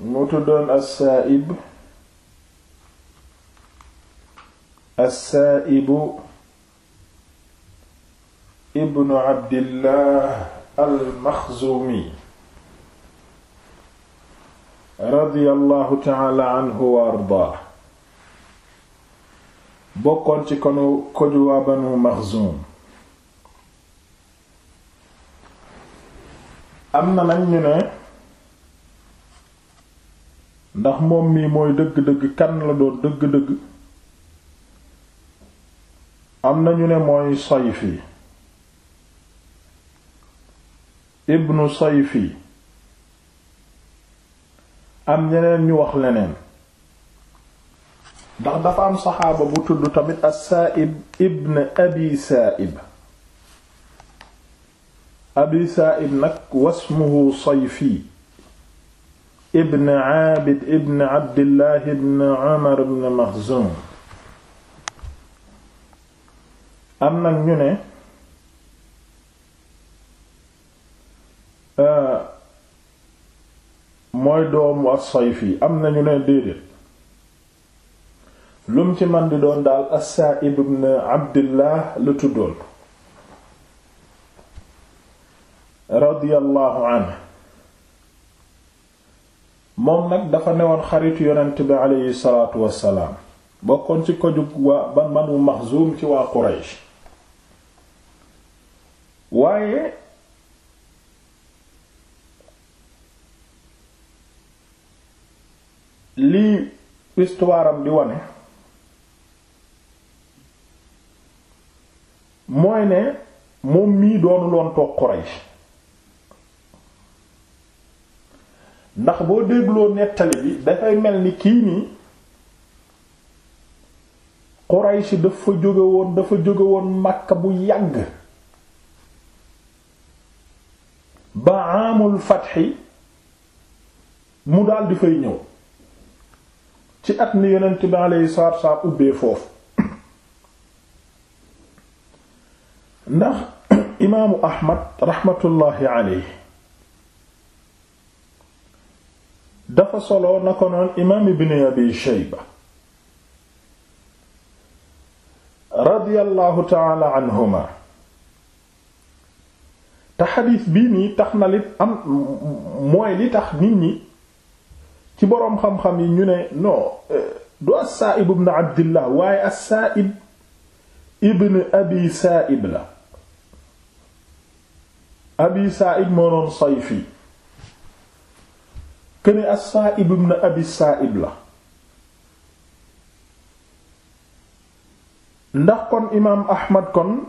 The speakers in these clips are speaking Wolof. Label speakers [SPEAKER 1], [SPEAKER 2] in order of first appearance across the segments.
[SPEAKER 1] mu tuddoon as-Saa'ib as-Saa'ibu ibnu Abdillah al-Maxzumi radiyallahu ta'ala anhu wa ardaa bokkoon ci konu koju waa Banu Maxzum am na nag ñu ne ndax moom mii mooy dëgg-dëgg kan la doon dëgg-dëgg am na ñu ne mooy sayfi ibnu sayfi am ñeneen ñu wax leneen ndax dafa am saxaaba bu tudd tamit as-Sa'ib ibn abi Sa'ib abi Sa'ib nag wasmuhu sayfi ibn Aabid ibn Abdillah ibn Umar ibn Maxzum am nag ñu ne euh, mooy doomu as-Sayfi am na ñu ne déedéet lum ci man di doon daal as-Sa'ib ibn Abdillah la tuddoon radiyallahu anhu moom nag dafa newoon xaritu yonent bi aleyhi salaatu wassalaam bokkoon ci kojug waa ban Banu Maxsuum ci waa Quraysh waaye lii histoire am di wane mooy ne moom mii doonuloon toog Quraysh ndax boo dégloo nettali bi dafay mel ni kii nii Quraysh dafa jóge woon dafa jóge woon Makka bu yàgg ba amul fatxi mu daal di fay ñëw ci at mi yonent bi alayhi salaatu wassalaam ubbee foofu ndax imaamu Ahmad raxmatullaahi alayhi dafa solo na ko noon imaam ibn abi shayba radiyallahu taala anhuma te xadiis bii tax na li mooy li tax nit ci boroom xam-xam yi ñu ne non euh, du as-Sa'ib ibn abdillah waaye as abi Sa'ib la abi Sa'ib moo doon Sayfi këne as-Sa'ib ibn Abi Sa'ib la ndax kon imaam Ahmad kon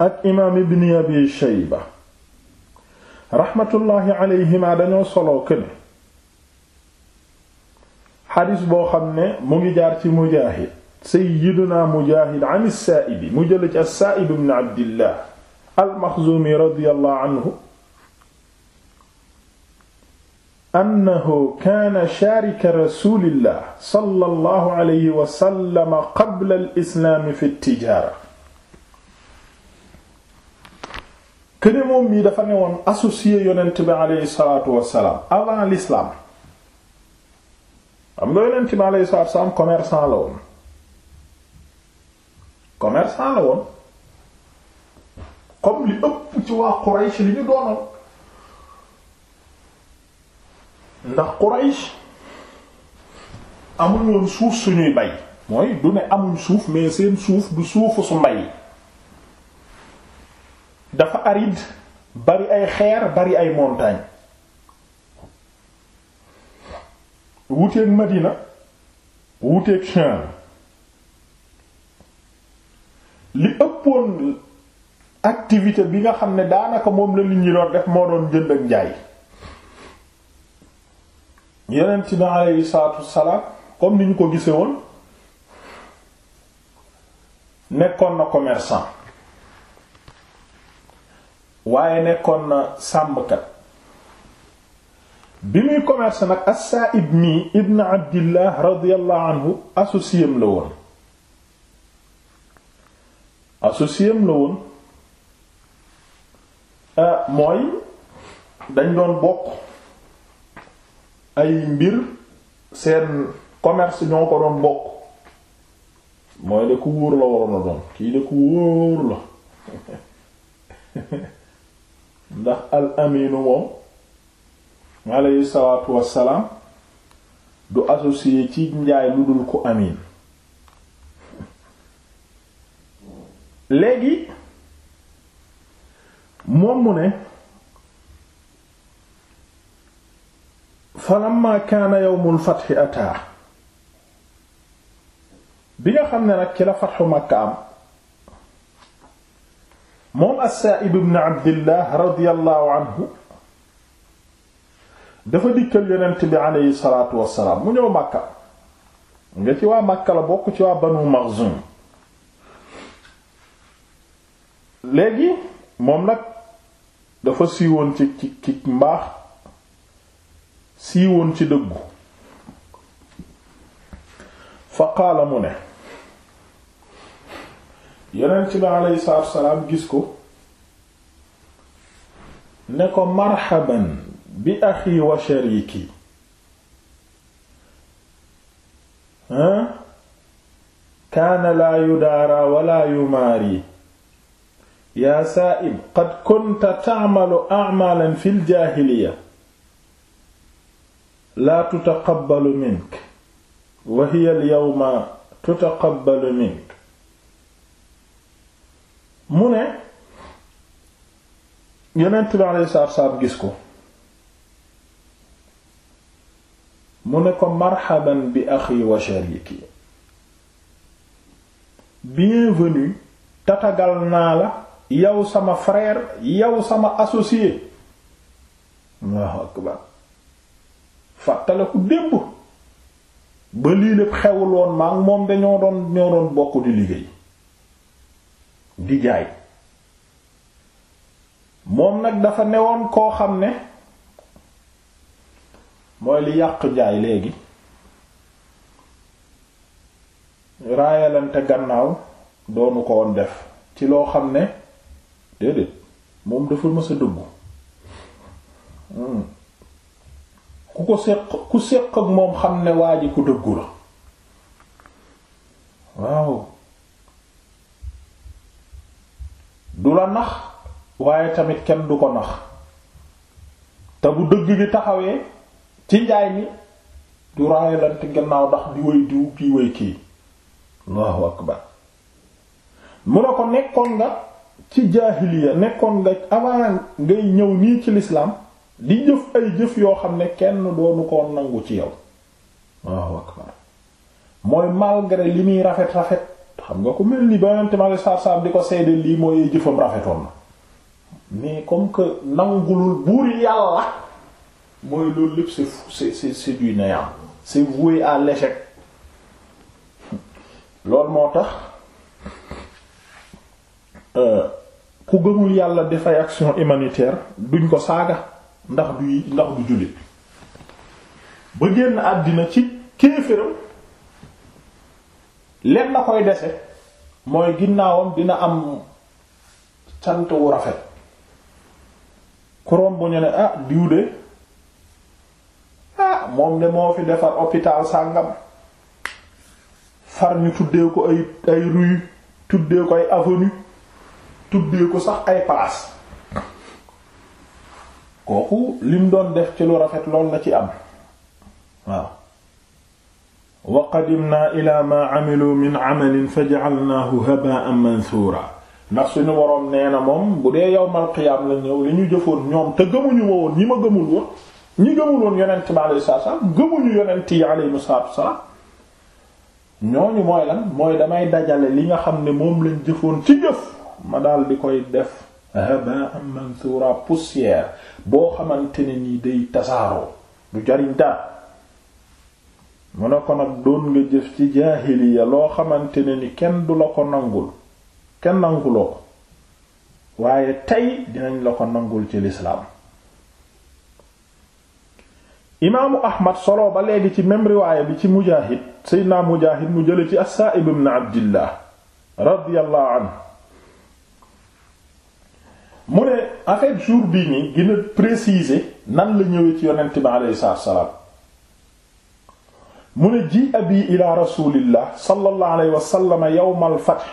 [SPEAKER 1] ak imaam ibn Abi Shayba raxmatullaahi alayhima dañoo soloo këne xadis boo xam ne mu ngi jaar ci Mujaahid sayyiduna Mujaahid an as-Sa'ib mu jël ci as-Sa'ib ibn Abdillah al-Maxzumi radiyallahu anhu annahu kaana sharika rasulillah sallallahu alayhi wa sallam qabla al fi tijaara këne moom mii dafa ne woon associé yonent bi aleyhi salaatu wassalaam avant l'islam xam nga yonent bi aleyhi salaatu wassalaam commerçant la li ëpp ci waa li ñu doonoon ndax Quraysh amul woon suuf suñuy bay mooy du ne amul suuf mais seen suuf du suufu su mbay dafa aride bari ay xeer bari ay montagnes wuteeg Madina wuteeg Sham li ëppoon activité bi nga xam ne daanaka moom la li ñi doon def moo doon jënd ak njaay yonent bi aleyhi salaatu wassalaam comme ni ñu ko gise woon nekkoon na commerçant waaye nekkoon na sàmmkat bi muy commerce nag as-Sa'ib mi ibn abdillah radiyallahu anhu associé la woon associé la woon euh, mooy dañ doon bokk ay mbir seen commerce ñoo ko doon bokk mooy de ku wóor la waroon a doon kii de ku wóor la ndax al aminu moom alayhi salaatu wassalaam du associé ci njaay lu dul ku amin léegi moom mu ne falamma kaana yawmul fathi ataa bi nga xam ne nag ci la fathu Makka am moom as-Sa'ib ibn Abdillah radiyallahu anhu dafa dikkal yonent bi aleyhi salaatu wassalaam mu ñëw Makka nga ci waa Makka la bokk ci waa Banu Makhzum léegi moom nag dafa siiwoon ci ci ci mbaax siiwoon ci dëggu fa qaala mu ne yonent bi aleyhi salaatu wasalaam gis ko ne ko marxaban bi axi wa shariki hein kaana laa yudaara wala yumaari yaa saaib qad kunta ta'malu a'maalan fil jaahiliya laa tutaqabbalu mink wa hiya al-yawma mink mu ne yonent bi alayhi salaatu salaam gis ko mu ne ko marhaban bi axi wa shariki bienvenue tatagal naa la yow sama frère yow sama associé Allahu akbar fàttaliku démb ba lii lépp xewul woon maa ngi moom dañoo doon ñoo doon bokk di liggéey di jaay moom nag dafa newoon koo xam ne mooy li yàq jaay léegi raayalante gannaaw doonu ko woon def ci loo xam ne déedéet moom dafa mës a dëggu hmm. ku ko séq ku séq ak moom xam ne waa ji ku dëggu la waaw du la nax waaye tamit kenn du ko nax te bu dëgg bi taxawee ci njaay mi du raayalante gannaaw ndax di wéy diw kii wéy kii Allahu akbar mu na ko nekkoon nga ci jaahiliya nekkoon nga avant ngay ñëw nii ci lislaam di jëf ay jëf yoo xam ne kenn doonu ko nangu ci yow waaw akbar mooy malgré li muy rafet rafet xam nga ko mel ni ba yonent ma saab di ko seede lii mooy ay jëfam rafetoon na mais comme que nangulul buur yàlla mooy loolu lépp c'est c'est c'est du néant c'est voué à l'échec loolu moo tax euh, ku gëmul yàlla dafay action humanitaire duñ ko saaga ndax du ndax du jullit ba génn àddina ci kéeféram leen na koy dese mooy ginnaawam dina am sant wu rafet kurom bu ñu ne ah diw ah moom de moo fi defar hôpital sàngam far ñu tuddee ko ay ay rue tuddee ko ay avenue tuddee ko sax ay place kooku mu doon def ci lu rafet lool la ci am waaw wa qadimna ila ma amilu min amalin fa ja'alnaahu haba'an manthura ndax suñu woroom nee na moom bu dee yowmal qiyaam la ñëw li ñu jëfoon ñoom te gëmuñu ma woon ñi ma gëmul woon ñi gëmul woon yonent bi alayhi salaatu salaam gëmuñu yonent yi alayhi salaatu salaam ñooñu mooy lan mooy damay dajale li nga xam ne moom lañ jëfoon ci jëf ma daal di koy def am manthura poussière boo xamante ni nii day tasaaroo du jariñ dara mu ne ko nag doon nga jëf ci jaahiliya loo xamante ne ni kenn du la ko nangul kenn nanguloo waaye tey dinañ la ko nangul ci lislaam imaamu ahmad solo ba léegi ci même riwaaya bi ci mujaahid seydinaa mujaahid mu jële ci as-Saa'ib abdillah radiyallahu anhu mu ne en fait jour bii nii gën a préciser nan la ñëwee ci yonent bi aleyhi salaatu wa salaam mu ne ji abi ila rasulillah sallallahu alayhi wa sallam yawm al-fath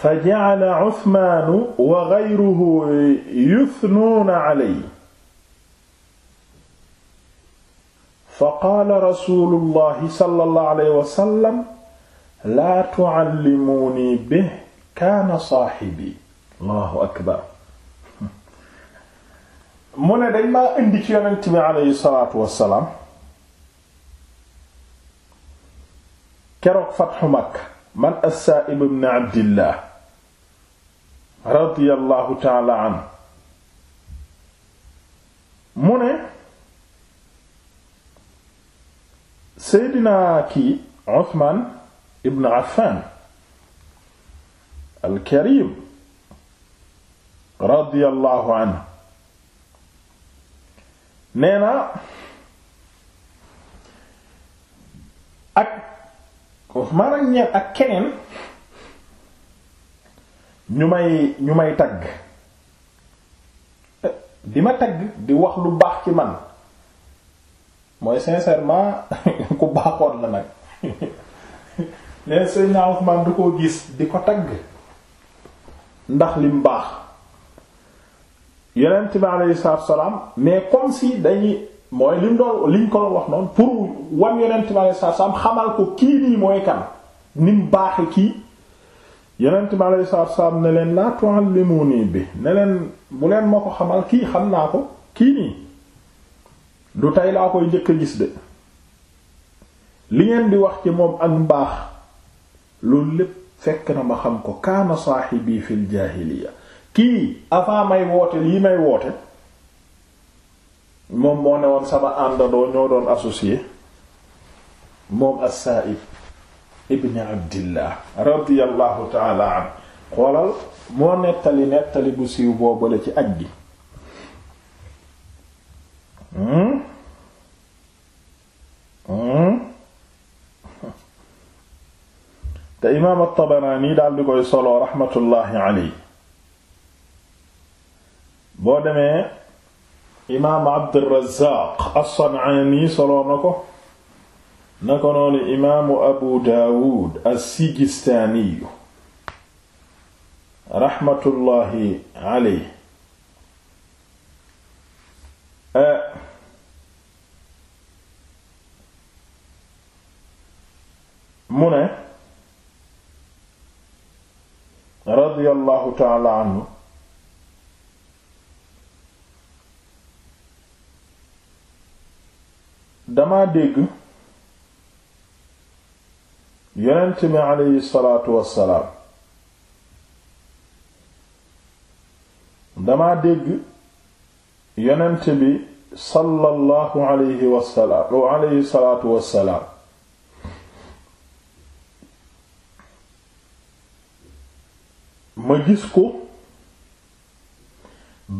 [SPEAKER 1] fa ja'ala Uthman wa ghayruhu yuthnuuna alayhi fa qaala rasulullah sallallahu alayhi wa sallam laa tu'allimuunii bihi kaana saahibii allahu akbar mu ne dañ maa indi ci yonent bi aleyhi salaatu wassalaam keroog fatxu makka man as-Saaib ibn abdillah radiyallahu taala anhu mu ne seydinaa kii Usmaan ibn Affaan al-Karim radiyallahu anhu nee na ak Usmaan ak ñeen ak keneen ñu may ñu may tagg eh, di ma tagg di wax lu baax ci man mooy sincèrement ku baaxoon la nag leen Seydina Usmaan du koo gis di ko tagg ndax lim baax yonent bi aleyhi salaatu salaam mais comme si dañuy mooy liñ doo liñ ko wax noonu pour wan yonent bi aleyhi salaatu salaam xamal ko kii nii mooy kan ni mu kii yonent bi aleyhi salaatu salaam ne leen laa tu'allimuunii bi ne leen bu leen ma ko xamal kii xam naa ko kii nii du tey laa koy njëkk gis de li ngeen di wax ci moom ak mbaax loolu lépp fekk na ma xam ko kaana saahibii fil jaahiliya kii avant may woote lii may woote moom moo ne woon sama àndandoo ñoo doon associé moom as ibn Abdillah radiyallahu ta'ala an xoolal moo nettali nettali bu siiw boobale ci aj gi hmm hmm te imaam at daal di koy solo raxmatullaahi alayhi boo demee imaam Abdurrazzaq as-San'aani soloo na ko na ko noonu imaamu Abu Daawud as-Sijistaaniyu raxmatullaahi alayhi mu ne radiyallaahu ta'aala anhu dama dégg yonent mi aleyhi salaatu wassalaam dama dégg yonent bi sallallahu alayhi wassalaam wa alayhi salaatu wassalaam ma gis ko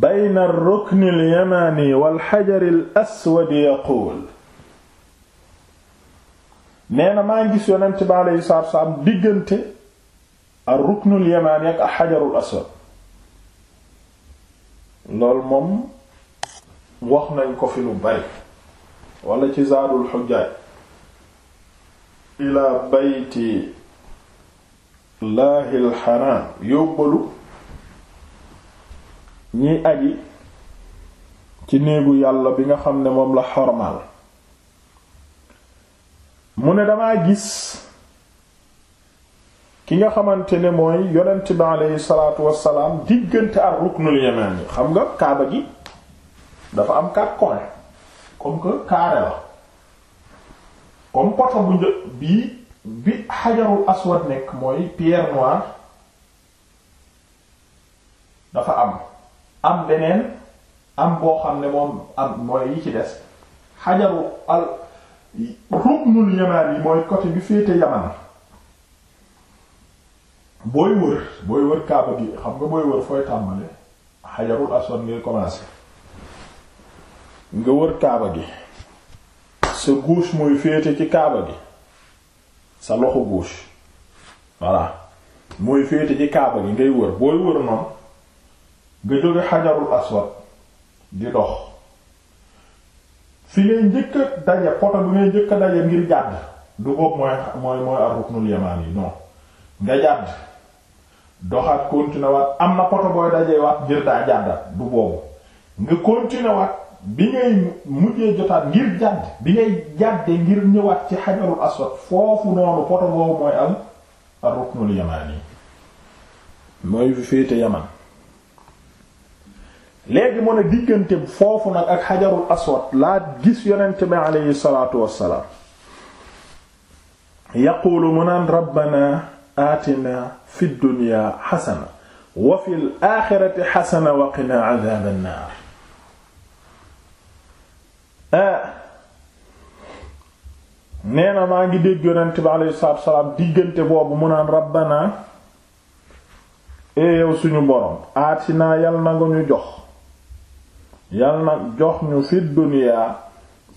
[SPEAKER 1] bayna ar-rukni al-yamani wal hajar al-aswad yaqul neena maa ngi gis yonent bi aleyhi salaatu salaam diggante ar ruknul yamaani ak xajarul aswad loolu moom wax nañ ko fi lu bari wala ci zaadul xujjaaj ila bayti laahil xaraam yóbbalu ñiy aji ci néegu yàlla bi nga xam ne moom la xormaal mu ne damaa gis ki nga xamante ne mooy yonent bi aleyhi salaatu wassalaam diggante ak ruknul yamani xam nga kaaba gi dafa am quatre coins comme que carré la comme poto bu një bii bi xajarul aswad nekk mooy pierre noire dafa am am beneen am boo xam ne moom am mooy yi ci des xajarul al ruknul yamaan yi mooy côté bi féete yaman booy wër booy wër kaaba gi xam nga booy wër fooy tàmbale xajarul aswad ngay commencé nga wër kaaba gi sa gauche mooy féete ci kaaba gi sa loxo gauche voilà mooy féete ci kaaba gi ngay wër booy wër noonu nga jóge xajarul aswad di dox fi ngay njëkk a daje poto bi ngay njëkk a daje ngir jàdd du boobu mooy mooy mooy ar-ruknul yamani non nga jàdd doxaat continuer waat am na poto booy dajee waat ngir daa jàdda du boobu nga continuer waat bi ngay mujjee jotaat ngir jàdd bi ngay jàdde ngir ñëwaat ci xajarul aswad foofu noonu poto boobu mooy am ar-ruknul yamani mooy fi féete yaman léegi mu a diggante foofu nag ak xajarul aswad laa gis yonent bi aleyhi salaatu wassalaam yaquulu mu naan rabbana aatina fi dunya xasana wa fil aaxirati xasana wa qina adaaban ah, na maa ngi dégg yonent bi aleyhi salaatu wassalaam boobu mu naan rabbana ee eh yow aatina yal na nga ñu jox yal na jox ñu fi duniyaa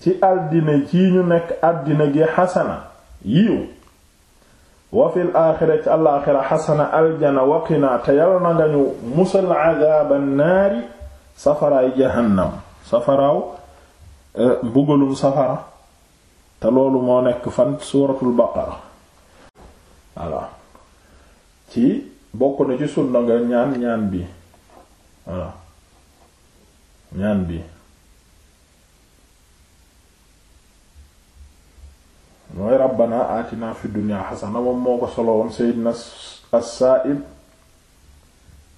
[SPEAKER 1] ci àddina ji ñu nekk àddina gi xasana yiw wa fil aaxira ci alaaxira xasana aljana waqinaa te yal na nga ñu musal cadaaba naari safaraay jahannam safaraaw e, mbugalum safara te loolu moo nekk fan suuratul baqara voilà ci bokk na ci sunna nga ñaan ñaan bi voilà ñaan bi mooy rabbana aatina fi dunya xasana moom moo ko solo woon seydina as-Sa'ib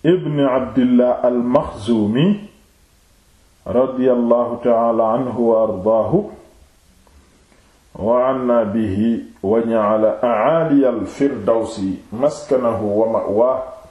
[SPEAKER 1] ibn abdillah al-Maxzumi radiyallahu ta'ala anhu wa ardaahu wa anna bihi wa ja'ala a'ali al-firdawsi maskanahu wa ma'waahu